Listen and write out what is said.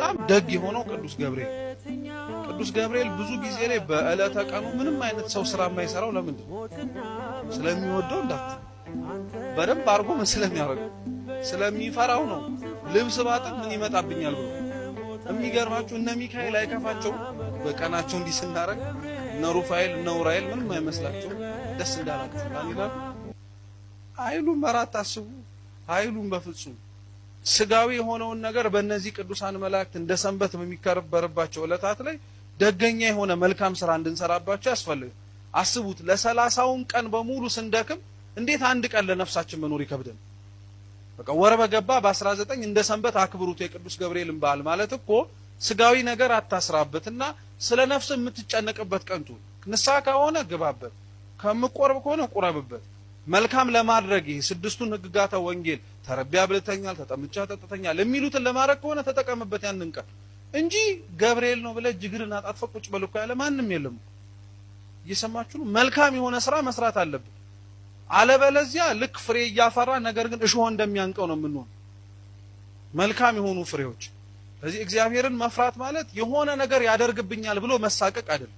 በጣም ደግ የሆነው ቅዱስ ገብርኤል ቅዱስ ገብርኤል ብዙ ጊዜ ላይ በዕለተ ቀኑ ምንም አይነት ሰው ስራ የማይሰራው ለምንድን ነው? ስለሚወደው እንዳት በደንብ አድርጎ ምን ስለሚያደርገው ስለሚፈራው ነው። ልብስ ባጥብ ምን ይመጣብኛል ብሎ የሚገርማችሁ እነ ሚካኤል አይከፋቸው። በቀናቸው እንዲህ ስናረግ እነ ሩፋኤል እነ ኡራኤል ምንም አይመስላቸው። ደስ እንዳላቸው ይላሉ አይሉም። ኧረ በፍጹም ስጋዊ የሆነውን ነገር በእነዚህ ቅዱሳን መላእክት እንደ ሰንበት በሚከበርባቸው ዕለታት ላይ ደገኛ የሆነ መልካም ስራ እንድንሰራባቸው ያስፈልግ። አስቡት ለሰላሳውን ቀን በሙሉ ስንደክም እንዴት አንድ ቀን ለነፍሳችን መኖር ይከብደን? በቃ ወር በገባ በ19 እንደ ሰንበት አክብሩት የቅዱስ ገብርኤልን በዓል ማለት እኮ ስጋዊ ነገር አታስራበትና ስለ ነፍስ የምትጨነቅበት ቀንቱ ንስሐ ከሆነ ግባበት፣ ከምቆርብ ከሆነ ቁረብበት። መልካም ለማድረግ ይሄ ስድስቱን ህግጋተ ወንጌል ተረቢያ ብልተኛል፣ ተጠምቻ ጠጥተኛል የሚሉትን ለማድረግ ከሆነ ተጠቀምበት ያንን ቀን እንጂ ገብርኤል ነው ብለህ ጅግርን አጣጥፈህ ቁጭ በል እኮ ያለ ማንም የለም። እየሰማችሁ ነው። መልካም የሆነ ስራ መስራት አለብን። አለበለዚያ ልክ ፍሬ እያፈራ ነገር ግን እሾህ እንደሚያንቀው ነው የምንሆን። መልካም የሆኑ ፍሬዎች። ስለዚህ እግዚአብሔርን መፍራት ማለት የሆነ ነገር ያደርግብኛል ብሎ መሳቀቅ አይደለም።